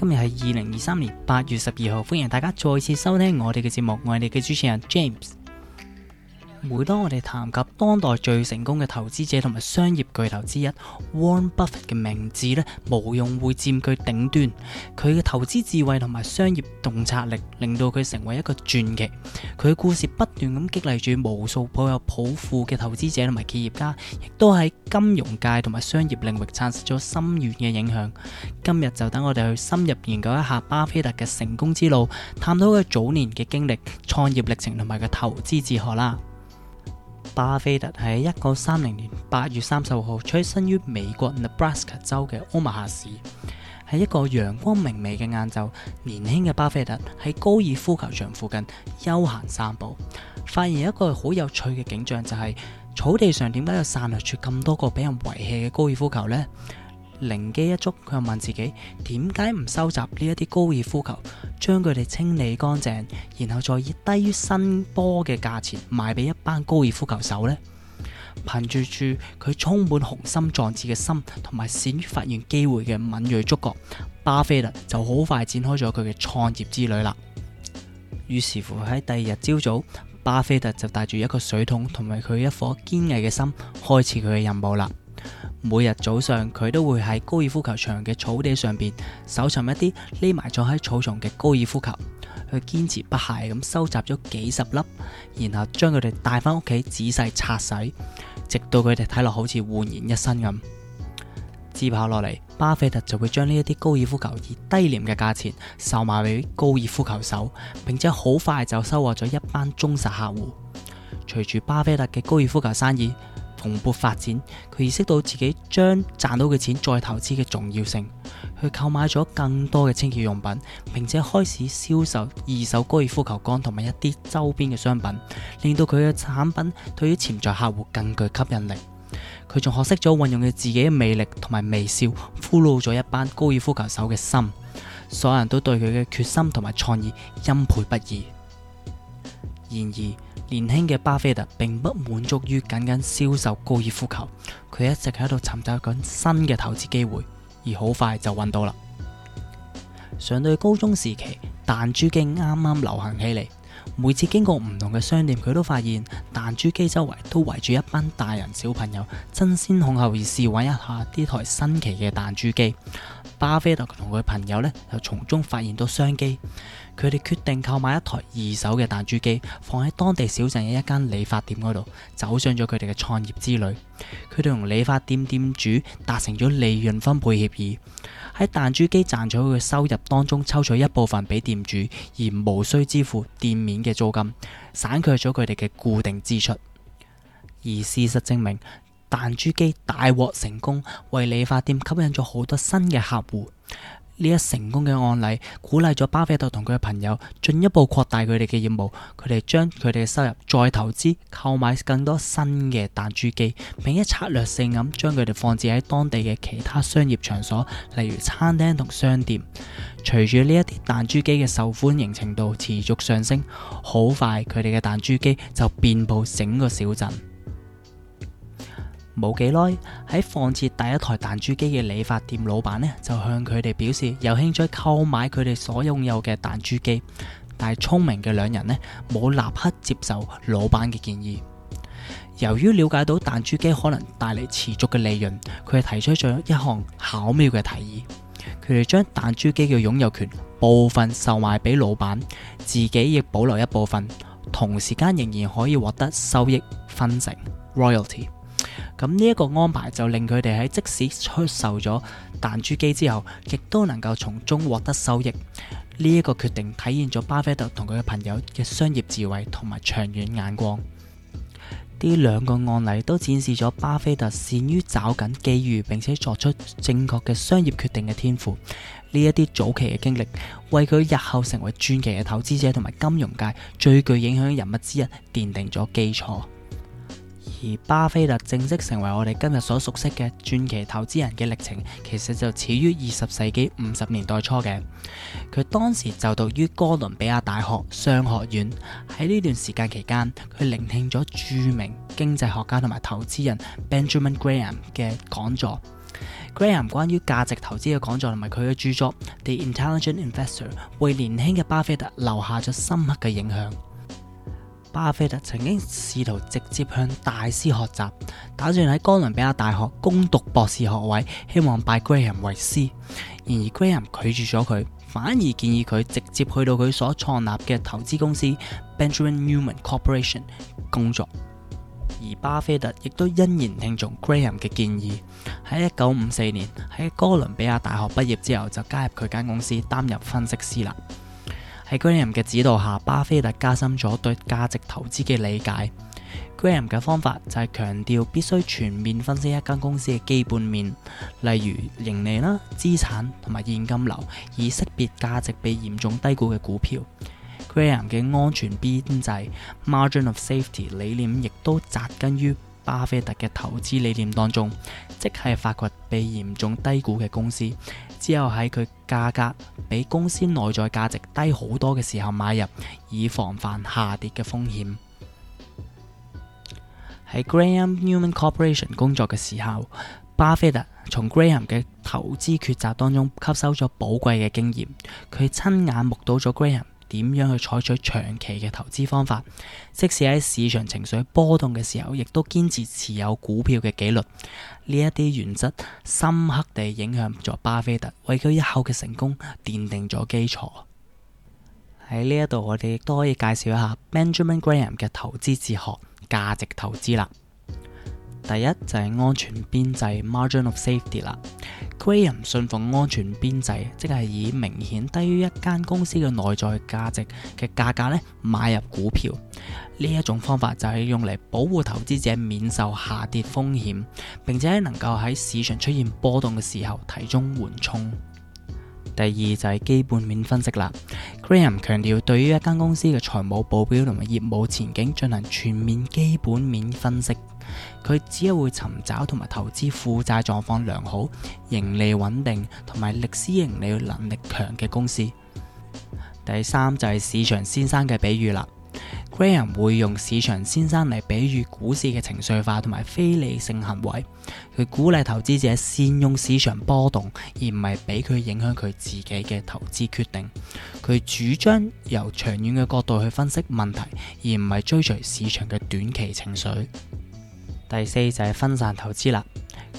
今日係二零二三年八月十二號，歡迎大家再次收聽我哋嘅節目，我哋嘅主持人 James。每當我哋談及當代最成功嘅投資者同埋商業巨頭之一 Warren Buffett 嘅名字咧，無疑會佔據頂端。佢嘅投資智慧同埋商業洞察力，令到佢成為一個傳奇。佢嘅故事不斷咁激勵住無數抱有抱負嘅投資者同埋企業家，亦都喺金融界同埋商業領域產生咗深遠嘅影響。今日就等我哋去深入研究一下巴菲特嘅成功之路，探討佢早年嘅經歷、創業歷程同埋佢投資哲學啦。巴菲特喺一九三零年八月三十號，出生於美國 Nebraska 州嘅奧馬哈市。喺一個陽光明媚嘅晏晝，年輕嘅巴菲特喺高爾夫球場附近悠閒散步，發現一個好有趣嘅景象，就是，就係草地上點解有散落住咁多個俾人遺棄嘅高爾夫球呢？靈機一觸，佢又問自己：「點解唔收集呢一啲高爾夫球，將佢哋清理乾淨，然後再以低於新波嘅價錢賣俾一班高爾夫球手呢？」憑住住佢充滿雄心壯志嘅心，同埋善於發現機會嘅敏鋭觸覺，巴菲特就好快展開咗佢嘅創業之旅啦。於是乎喺第二日朝早，巴菲特就帶住一個水桶同埋佢一顆堅毅嘅心，開始佢嘅任務啦。每日早上，佢都會喺高爾夫球場嘅草地上邊搜尋一啲匿埋咗喺草叢嘅高爾夫球，佢堅持不懈咁收集咗幾十粒，然後將佢哋帶返屋企仔細擦洗，直到佢哋睇落好似煥然一新咁。接落嚟，巴菲特就會將呢一啲高爾夫球以低廉嘅價錢售賣俾高爾夫球手，並且好快就收穫咗一班忠實客戶。隨住巴菲特嘅高爾夫球生意蓬勃發展，佢意識到自己將賺到嘅錢再投資嘅重要性，佢購買咗更多嘅清潔用品，並且開始銷售二手高爾夫球桿同埋一啲周邊嘅商品，令到佢嘅產品對於潛在客戶更具吸引力。佢仲學識咗運用佢自己嘅魅力同埋微笑，俘虜咗一班高爾夫球手嘅心，所有人都對佢嘅決心同埋創意欽佩不已。然而，年輕嘅巴菲特並不滿足於僅僅銷售高爾夫球，佢一直喺度尋找緊新嘅投資機會，而好快就揾到啦。上到高中時期，彈珠機啱啱流行起嚟，每次經過唔同嘅商店，佢都發現彈珠機周圍都圍住一班大人小朋友，爭先恐後而試玩一下呢台新奇嘅彈珠機。巴菲特同佢朋友呢，就從中發現到商機，佢哋決定購買一台二手嘅彈珠機，放喺當地小鎮嘅一間理髮店嗰度，走上咗佢哋嘅創業之旅。佢哋同理髮店店主達成咗利潤分配協議，喺彈珠機賺取佢嘅收入當中抽取一部分俾店主，而無需支付店面嘅租金，省卻咗佢哋嘅固定支出。而事實證明，彈珠機大獲成功，為理髮店吸引咗好多新嘅客戶。呢一成功嘅案例，鼓勵咗巴菲特同佢嘅朋友進一步擴大佢哋嘅業務。佢哋將佢哋嘅收入再投資，購買更多新嘅彈珠機，並且策略性咁將佢哋放置喺當地嘅其他商業場所，例如餐廳同商店。隨住呢一啲彈珠機嘅受歡迎程度持續上升，好快佢哋嘅彈珠機就遍布整個小鎮。冇幾耐，喺放置第一台彈珠機嘅理髮店老闆，老闆呢就向佢哋表示，有興趣購買佢哋所擁有嘅彈珠機。但係聰明嘅兩人呢冇立刻接受老闆嘅建議。由於了解到彈珠機可能帶嚟持續嘅利潤，佢哋提出咗一項巧妙嘅提議。佢哋將彈珠機嘅擁有權部分售賣俾老闆，自己亦保留一部分，同時間仍然可以獲得收益分成 （royalty）。咁呢一個安排就令佢哋喺即使出售咗彈珠機之後，亦都能夠從中獲得收益。呢一個決定體現咗巴菲特同佢嘅朋友嘅商業智慧同埋長遠眼光。呢兩個案例都展示咗巴菲特善於找緊機遇，並且作出正確嘅商業決定嘅天賦。呢一啲早期嘅經歷，為佢日後成為傳奇嘅投資者同埋金融界最具影響人物之一奠定咗基礎。而巴菲特正式成為我哋今日所熟悉嘅傳奇投資人嘅歷程，其實就始於二十世紀五十年代初嘅。佢當時就讀於哥倫比亞大學商學院，喺呢段時間期間，佢聆聽咗著名經濟學家同埋投資人 Benjamin Graham 嘅講座。Graham 關於價值投資嘅講座同埋佢嘅著作《The Intelligent Investor》，為年輕嘅巴菲特留下咗深刻嘅影響。巴菲特曾經試圖直接向大師學習，打算喺哥倫比亞大學攻讀博士學位，希望拜 Graham 為師。然而 Graham 拒絕咗佢，反而建議佢直接去到佢所創立嘅投資公司 Benjamin Newman Corporation 工作。而巴菲特亦都欣然聽從 Graham 嘅建議，喺一九五四年喺哥倫比亞大學畢業之後就加入佢間公司擔任分析師啦。喺 Graham 嘅指導下，巴菲特加深咗對價值投資嘅理解。Graham 嘅方法就係強調必須全面分析一間公司嘅基本面，例如盈利啦、資產同埋現金流，以識別價值被嚴重低估嘅股票。Graham 嘅安全邊際 （margin of safety） 理念亦都扎根於。巴菲特嘅投資理念當中，即係發掘被嚴重低估嘅公司，之後喺佢價格比公司內在價值低好多嘅時候買入，以防範下跌嘅風險。喺 Graham Human Corporation 工作嘅時候，巴菲特從 Graham 嘅投資抉擇當中吸收咗寶貴嘅經驗，佢親眼目睹咗 Graham。點樣去採取長期嘅投資方法，即使喺市場情緒波動嘅時候，亦都堅持持有股票嘅紀律。呢一啲原則深刻地影響咗巴菲特，為佢日後嘅成功奠定咗基礎。喺呢一度，我哋亦都可以介紹一下 Benjamin Graham 嘅投資哲學——價值投資啦。第一就係、是、安全邊際 （margin of safety） 啦。Graham 信奉安全邊際，即係以明顯低於一間公司嘅內在價值嘅價格咧買入股票，呢一種方法就係用嚟保護投資者免受下跌風險，並且能夠喺市場出現波動嘅時候提供緩衝。第二就係基本面分析啦，Graham 強調對於一間公司嘅財務報表同埋業務前景進行全面基本面分析，佢只係會尋找同埋投資負債狀況良好、盈利穩定同埋歷史盈利能力強嘅公司。第三就係市場先生嘅比喻啦。Graham 會用市場先生嚟比喻股市嘅情緒化同埋非理性行為，佢鼓勵投資者善用市場波動，而唔係俾佢影響佢自己嘅投資決定。佢主張由長遠嘅角度去分析問題，而唔係追隨市場嘅短期情緒。第四就係分散投資啦。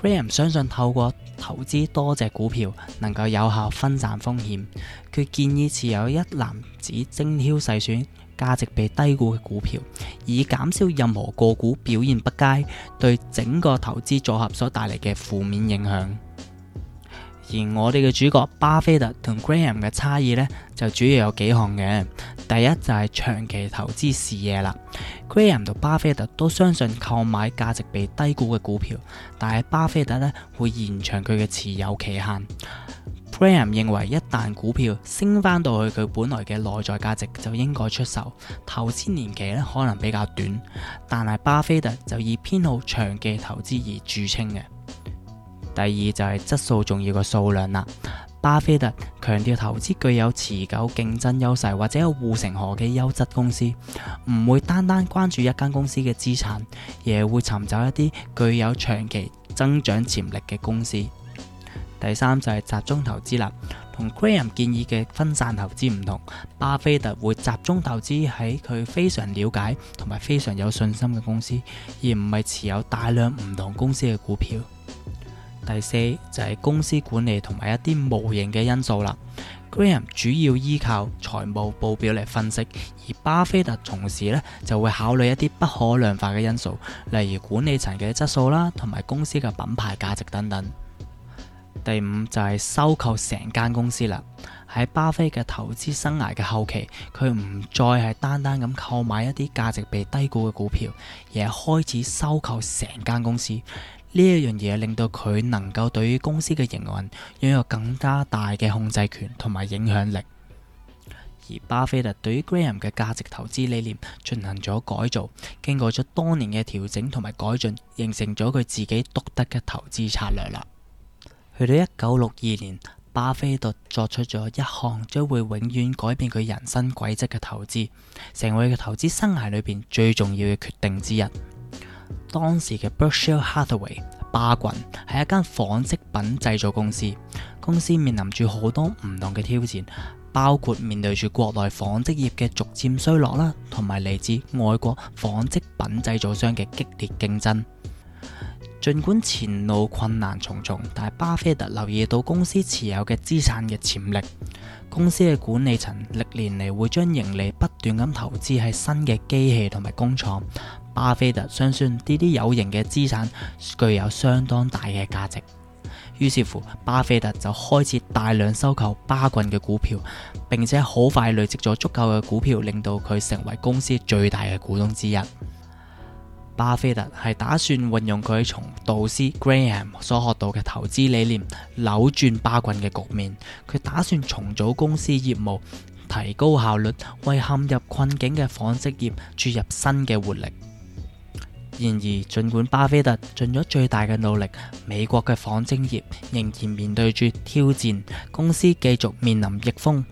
Graham 相信透過投資多隻股票能夠有效分散風險。佢建議持有一籃子精挑細選，價值被低估嘅股票，以減少任何個股表現不佳對整個投資組合所帶嚟嘅負面影響。而我哋嘅主角巴菲特同 Graham 嘅差異呢，就主要有幾項嘅。第一就係長期投資事業啦。Graham 同巴菲特都相信購買價值被低估嘅股票，但係巴菲特呢會延長佢嘅持有期限。Graham 認為，一旦股票升翻到去佢本來嘅內在價值，就應該出售。投資年期咧可能比較短，但係巴菲特就以偏好長期投資而著稱嘅。第二就係質素重要過數量啦。巴菲特強調投資具有持久競爭優勢或者有護城河嘅優質公司，唔會單單關注一間公司嘅資產，而會尋找一啲具有長期增長潛力嘅公司。第三就係集中投資啦，同 Graham 建議嘅分散投資唔同，巴菲特會集中投資喺佢非常了解同埋非常有信心嘅公司，而唔係持有大量唔同公司嘅股票。第四就係公司管理同埋一啲無形嘅因素啦。Graham 主要依靠財務報表嚟分析，而巴菲特同時咧就會考慮一啲不可量化嘅因素，例如管理層嘅質素啦，同埋公司嘅品牌價值等等。第五就係收購成間公司啦。喺巴菲特嘅投資生涯嘅後期，佢唔再係單單咁購買一啲價值被低估嘅股票，而係開始收購成間公司。呢一樣嘢令到佢能夠對於公司嘅營運擁有更加大嘅控制權同埋影響力。而巴菲特對於 Graham 嘅價值投資理念進行咗改造，經過咗多年嘅調整同埋改進，形成咗佢自己獨特嘅投資策略啦。去到一九六二年，巴菲特作出咗一項將會永遠改變佢人生軌跡嘅投資，成為佢投資生涯裏邊最重要嘅決定之一。當時嘅 Berkshire Hathaway 巴郡係一間紡織品製造公司，公司面臨住好多唔同嘅挑戰，包括面對住國內紡織業嘅逐漸衰落啦，同埋嚟自外國紡織品製造商嘅激烈競爭。儘管前路困難重重，但巴菲特留意到公司持有嘅資產嘅潛力。公司嘅管理層歷年嚟會將盈利不斷咁投資喺新嘅機器同埋工廠。巴菲特相信呢啲有形嘅資產具有相當大嘅價值。於是乎，巴菲特就開始大量收購巴郡嘅股票，並且好快累積咗足夠嘅股票，令到佢成為公司最大嘅股東之一。巴菲特係打算運用佢從導師 Graham 所學到嘅投資理念，扭轉巴郡嘅局面。佢打算重組公司業務，提高效率，為陷入困境嘅紡織業注入新嘅活力。然而，儘管巴菲特盡咗最大嘅努力，美國嘅紡織業仍然面對住挑戰，公司繼續面臨逆風，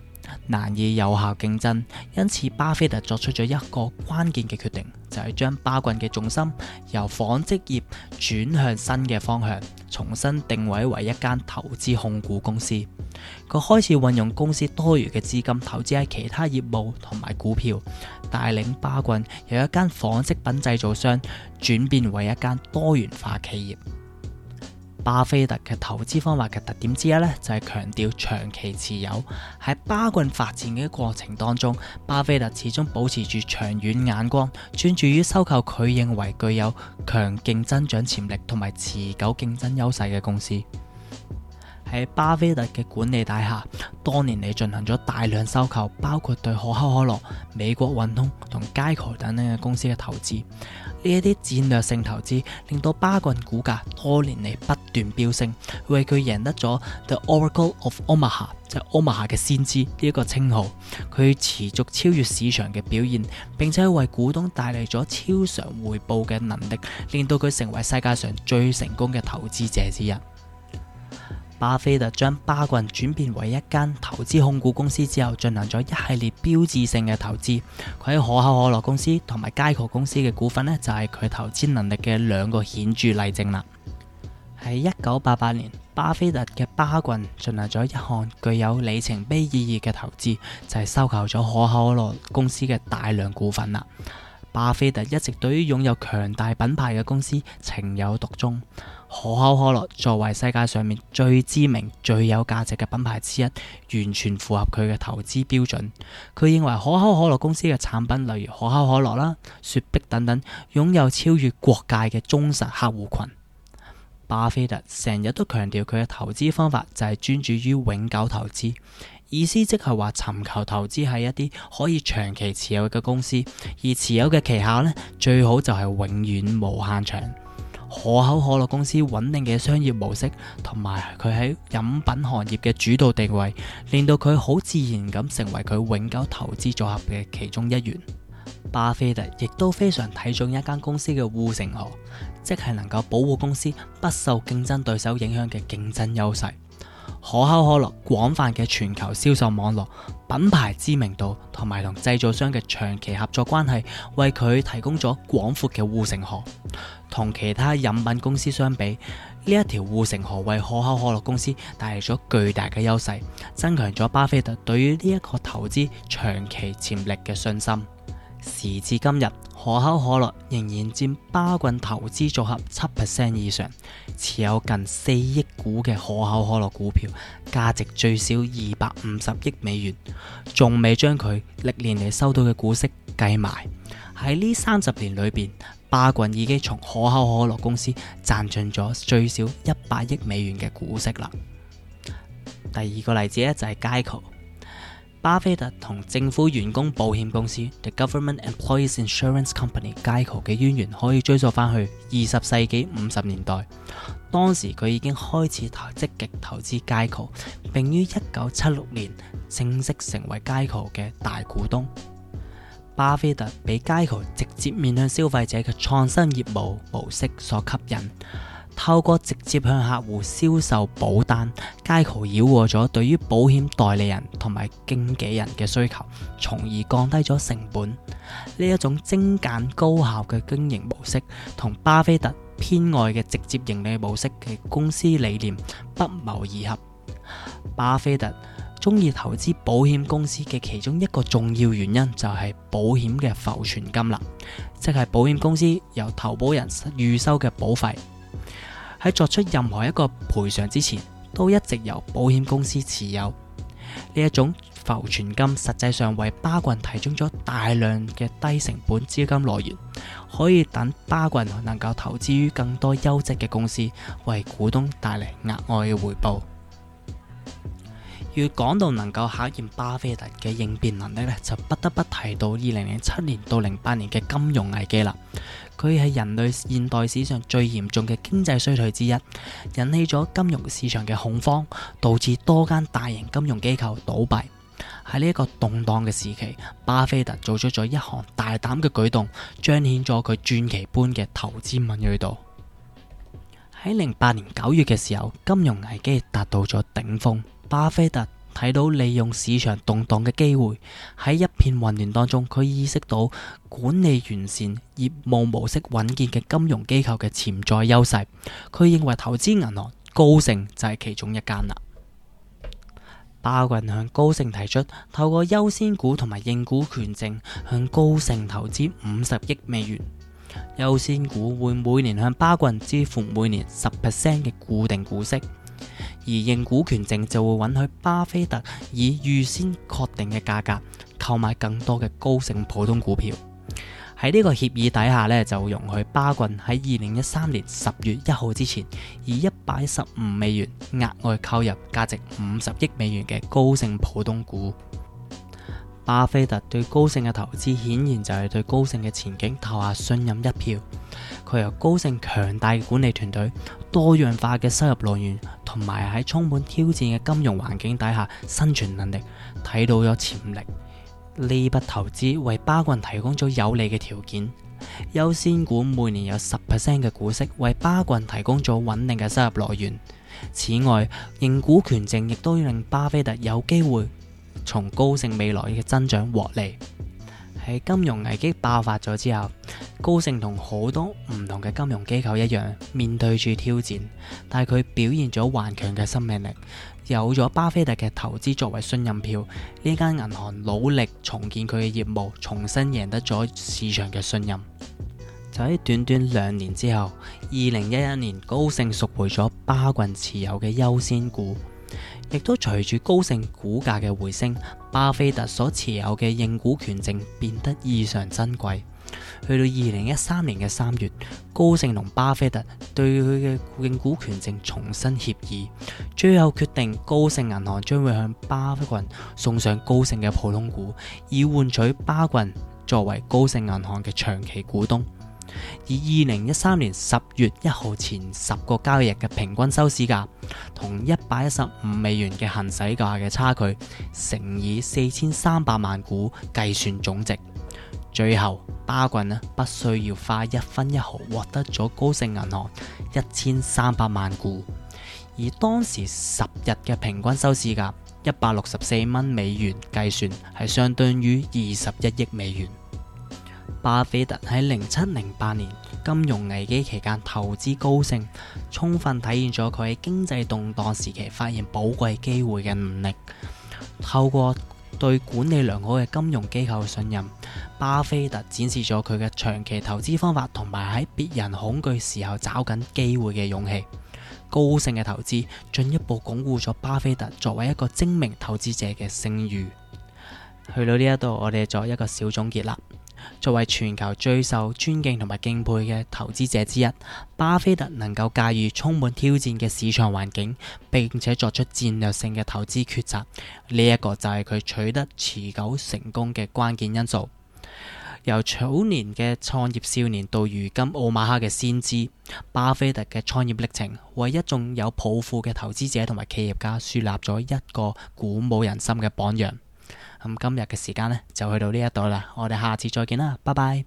難以有效競爭。因此，巴菲特作出咗一個關鍵嘅決定。就係將巴郡嘅重心由紡織業轉向新嘅方向，重新定位為一間投資控股公司。佢開始運用公司多餘嘅資金投資喺其他業務同埋股票，帶領巴郡由一間紡織品製造商轉變為一間多元化企業。巴菲特嘅投資方法嘅特點之一呢，就係強調長期持有。喺巴郡發展嘅過程當中，巴菲特始終保持住長遠眼光，專注於收購佢認為具有強勁增長潛力同埋持久競爭優勢嘅公司。喺巴菲特嘅管理大廈，多年嚟進行咗大量收購，包括對可口可樂、美國運通同佳琪等等嘅公司嘅投資。呢一啲戰略性投資令到巴郡股價多年嚟不斷飆升，為佢贏得咗 The Oracle of Omaha 即係 Omaha 嘅先知呢一個稱號。佢持續超越市場嘅表現，並且為股東帶嚟咗超常回報嘅能力，令到佢成為世界上最成功嘅投資者之一。巴菲特將巴郡轉變為一間投資控股公司之後，進行咗一系列標誌性嘅投資。佢喺可口可樂公司同埋佳殼公司嘅股份呢，就係佢投資能力嘅兩個顯著例證啦。喺一九八八年，巴菲特嘅巴郡進行咗一項具有里程碑意義嘅投資，就係收購咗可口可樂公司嘅大量股份啦。巴菲特一直對於擁有強大品牌嘅公司情有獨鍾。可口可樂作為世界上面最知名、最有價值嘅品牌之一，完全符合佢嘅投資標準。佢認為可口可樂公司嘅產品，例如可口可樂啦、雪碧等等，擁有超越國界嘅忠實客戶群。巴菲特成日都強調佢嘅投資方法就係專注於永久投資，意思即係話尋求投資喺一啲可以長期持有嘅公司，而持有嘅期限呢，最好就係永遠無限長。可口可樂公司穩定嘅商業模式，同埋佢喺飲品行業嘅主導地位，令到佢好自然咁成為佢永久投資組合嘅其中一員。巴菲特亦都非常睇重一間公司嘅護城河，即係能夠保護公司不受競爭對手影響嘅競爭優勢。可口可樂廣泛嘅全球銷售網絡、品牌知名度同埋同製造商嘅長期合作關係，為佢提供咗廣闊嘅護城河。同其他飲品公司相比，呢一條護城河為可口可樂公司帶嚟咗巨大嘅優勢，增強咗巴菲特對於呢一個投資長期潛力嘅信心。時至今日，可口可樂仍然佔巴郡投資組合7%以上，持有近四億股嘅可口可樂股票，價值最少二百五十億美元，仲未將佢歷年嚟收到嘅股息計埋。喺呢三十年裏邊，巴郡已經從可口可樂公司賺進咗最少一百億美元嘅股息啦。第二個例子咧就係 GEICO。巴菲特同政府員工保險公司 The Government Employees Insurance Company，Geico 嘅淵源可以追溯返去二十世紀五十年代，當時佢已經開始積極投資 Geico，并於一九七六年正式成為 Geico 嘅大股東。巴菲特畀 Geico 直接面向消費者嘅創新業務模式所吸引。透過直接向客戶銷售保單，街豪繞過咗對於保險代理人同埋經紀人嘅需求，從而降低咗成本。呢一種精簡高效嘅經營模式，同巴菲特偏愛嘅直接盈利模式嘅公司理念不謀而合。巴菲特中意投資保險公司嘅其中一個重要原因就係保險嘅浮存金啦，即係保險公司由投保人預收嘅保費。喺作出任何一個賠償之前，都一直由保險公司持有呢一種浮存金，實際上為巴郡提供咗大量嘅低成本資金來源，可以等巴郡能夠投資於更多優質嘅公司，為股東帶嚟額外嘅回報。要講到能夠考驗巴菲特嘅應變能力呢，就不得不提到二零零七年到零八年嘅金融危機啦。佢係人類現代史上最嚴重嘅經濟衰退之一，引起咗金融市場嘅恐慌，導致多間大型金融機構倒閉。喺呢一個動盪嘅時期，巴菲特做出咗一項大膽嘅舉動，彰顯咗佢傳奇般嘅投資敏銳度。喺零八年九月嘅時候，金融危機達到咗頂峰，巴菲特睇到利用市場動盪嘅機會，喺一片混亂當中，佢意識到管理完善、業務模式穩健嘅金融機構嘅潛在優勢。佢認為投資銀行高盛就係其中一間啦。巴郡向高盛提出透過優先股同埋認股權證向高盛投資五十億美元。優先股會每年向巴郡支付每年十 percent 嘅固定股息。而認股權證就會允許巴菲特以預先確定嘅價格購買更多嘅高盛普通股票。喺呢個協議底下呢，就容許巴郡喺二零一三年十月一號之前，以一百一十五美元額外購入價值五十億美元嘅高盛普通股。巴菲特對高盛嘅投資，顯然就係對高盛嘅前景投下信任一票。佢由高盛強大嘅管理團隊、多樣化嘅收入來源同埋喺充滿挑戰嘅金融環境底下生存能力睇到咗潛力。呢筆投資為巴郡提供咗有利嘅條件，優先股每年有十 percent 嘅股息，為巴郡提供咗穩定嘅收入來源。此外，認股權證亦都令巴菲特有機會。從高盛未來嘅增長獲利。喺金融危機爆發咗之後，高盛同好多唔同嘅金融機構一樣，面對住挑戰，但佢表現咗頑強嘅生命力。有咗巴菲特嘅投資作為信任票，呢間銀行努力重建佢嘅業務，重新贏得咗市場嘅信任。就喺短短兩年之後，二零一一年，高盛贖回咗巴郡持有嘅優先股。亦都隨住高盛股價嘅回升，巴菲特所持有嘅認股權證變得異常珍貴。去到二零一三年嘅三月，高盛同巴菲特對佢嘅認股權證重新協議，最後決定高盛銀行將會向巴菲特送上高盛嘅普通股，以換取巴郡作為高盛銀行嘅長期股東。以二零一三年十月一號前十個交易日嘅平均收市價，同一百一十五美元嘅行使價嘅差距，乘以四千三百萬股計算總值，最後巴郡呢不需要花一分一毫，獲得咗高盛銀行一千三百萬股，而當時十日嘅平均收市價一百六十四蚊美元計算，係相當於二十一億美元。巴菲特喺零七零八年金融危機期間投資高盛，充分體現咗佢喺經濟動盪時期發現寶貴機會嘅能力。透過對管理良好嘅金融機構嘅信任，巴菲特展示咗佢嘅長期投資方法，同埋喺別人恐懼時候找緊機會嘅勇氣。高盛嘅投資進一步鞏固咗巴菲特作為一個精明投資者嘅聲譽。去到呢一度，我哋做一個小總結啦。作為全球最受尊敬同埋敬佩嘅投資者之一，巴菲特能夠駕馭充滿挑戰嘅市場環境，並且作出戰略性嘅投資抉擇，呢、這、一個就係佢取得持久成功嘅關鍵因素。由早年嘅創業少年到如今奧馬哈嘅先知，巴菲特嘅創業歷程為一眾有抱負嘅投資者同埋企業家樹立咗一個鼓舞人心嘅榜樣。咁今日嘅時間咧就去到呢一度啦，我哋下次再見啦，拜拜。